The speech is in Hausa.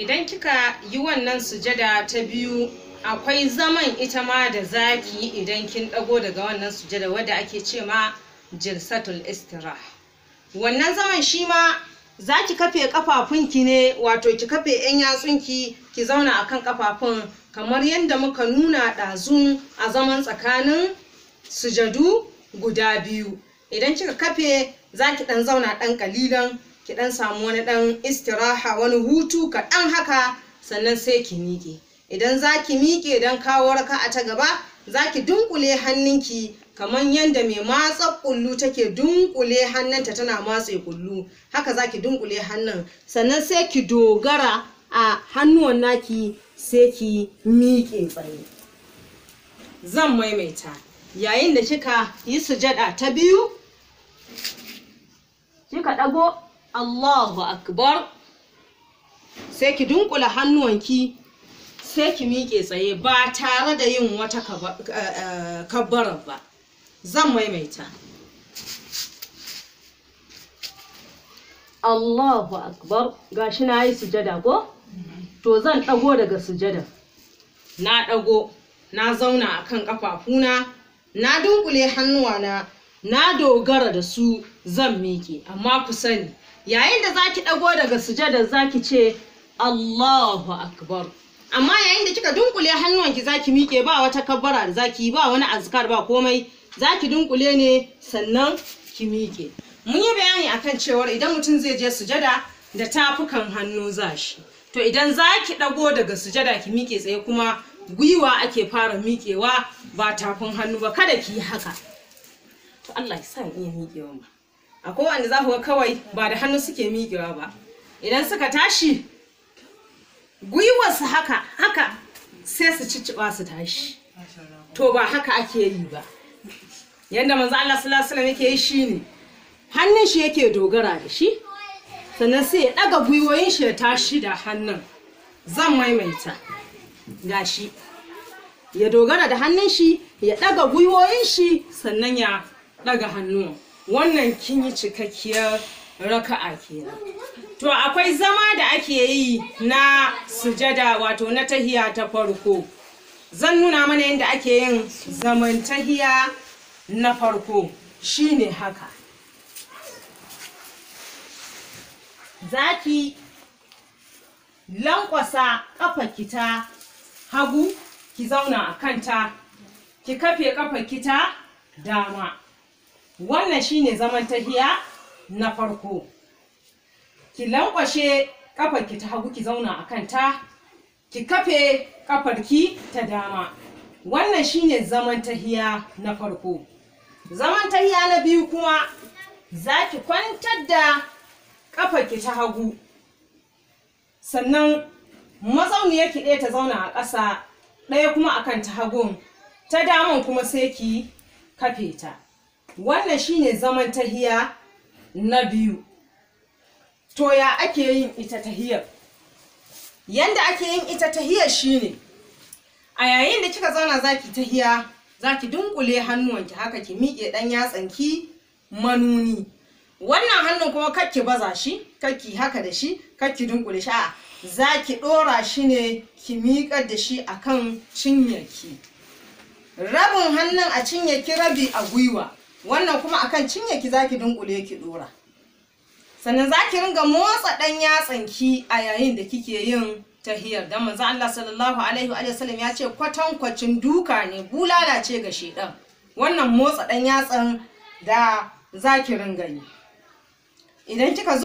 idan kika yi wannan sujada ta biyu akwai zaman ita ma da zaki idan kin ɗago daga wannan sujada wadda ake ce ma jilsatul istira. wannan zaman shi ma za ki kafe kafafunki ne wato ki kafe 'yan yatsunki ki zauna a kan kafafun kamar yadda muka nuna ɗazu a zaman tsakanin sujadu guda biyu idan kika kafe za ki ɗan zauna ɗan ƙalilan ki dan samu wani dan istiraha wani hutu kaɗan haka sannan sai ki miƙe idan za ki miƙe don kawo raka a ta gaba za ki dunkule hannunki kamar yadda mai matsa kullu take dunkule hannunta tana matse kullu haka za ki dunkule hannun sannan sai ki dogara a hannuwan naki sai ki miƙe tsaye zan maimaita yayin da kika yi sujada ta biyu kika ɗago Allahu akbar sai ki dunkula hannuwanki sai ki miƙe tsaye ba tare da yin wata eh, eh, kabbarar ba zan maimaita Allahu akbar gashi na yi sujada ko to zan ɗago daga sujada na ɗago na zauna a kan ƙafafuna na dunkule hannuwana na dogara da su zan miƙe amma ku sani yayin da zaki ɗago daga sujada zaki ce Allahu akbar amma yayin da kika dunkule hannuwanki zaki miƙe ba wata kabbara da zaki ba wani azkar ba komai zaki dunkule ne sannan ki miƙe mun yi bayani akan cewar idan mutum zai je sujada da tafukan hannu za shi to idan zaki ɗago daga sujada ki miƙe tsaye kuma gwiwa ake fara miƙewa ba tafin hannu ba kada ki yi haka to Allah ya sa iya miƙewa ba a wanda za ga kawai ba da hannu suke miƙewa ba idan suka tashi gwiwarsu haka haka sai su cicciɓa su tashi to ba haka ake yi ba yadda manzo Allah sallallahu alaihi wasallam yake yi shine hannun shi yake dogara da shi sannan sai ya daga gwiwoyin shi ya tashi da hannun zan maimaita gashi ya dogara da hannun shi ya daga gwiwoyin shi sannan ya daga hannun. wannan kin yi cikakkiyar raka'a kenan to akwai zama da ake yi na sujada wato na tahiya ta farko zan nuna mana yadda ake yin zaman tahiya na farko shine haka zaki lankwasa kafa kita hagu ki zauna a kanta ki kafe kafa kita dama wannan shine zaman tahiya na farko ki lankwashe ki ta hagu ki zauna a kanta ki kafe ki ta dama wannan shine zaman tahiya na farko zaman tahiya na biyu kuma za ki kwantar da ki ta hagu sannan mazauniyar ki ɗaya ta zauna a ƙasa ɗaya kuma akan ta hagun ta daman kuma sai ki kafe ta wannan shine zaman tahiya na biyu to ya ake yin ita tahiyar yanda ake yin ita tahiyar shine a yayin da kika zauna zaki tahiya zaki dunkule hannuwanki haka ki miƙe ɗan yatsanki manuni wannan hannun kuma kakki baza shi kakki haka da shi kakki dunkule shi a zaki ɗora shi ne ki miƙar da shi akan cinyarki rabin hannun a cinyarki rabi a gwiwa wannan kuma akan cinye ki zaki dunkule ki dora sannan zaki ringa motsa dan yatsan ki a yayin da kike yin tahiyar dan manzo Allah sallallahu alaihi wa sallam ya ce kwatankwacin duka ne bulala ce ga shedan wannan motsa dan yatsan da zaki ringa yi idan kika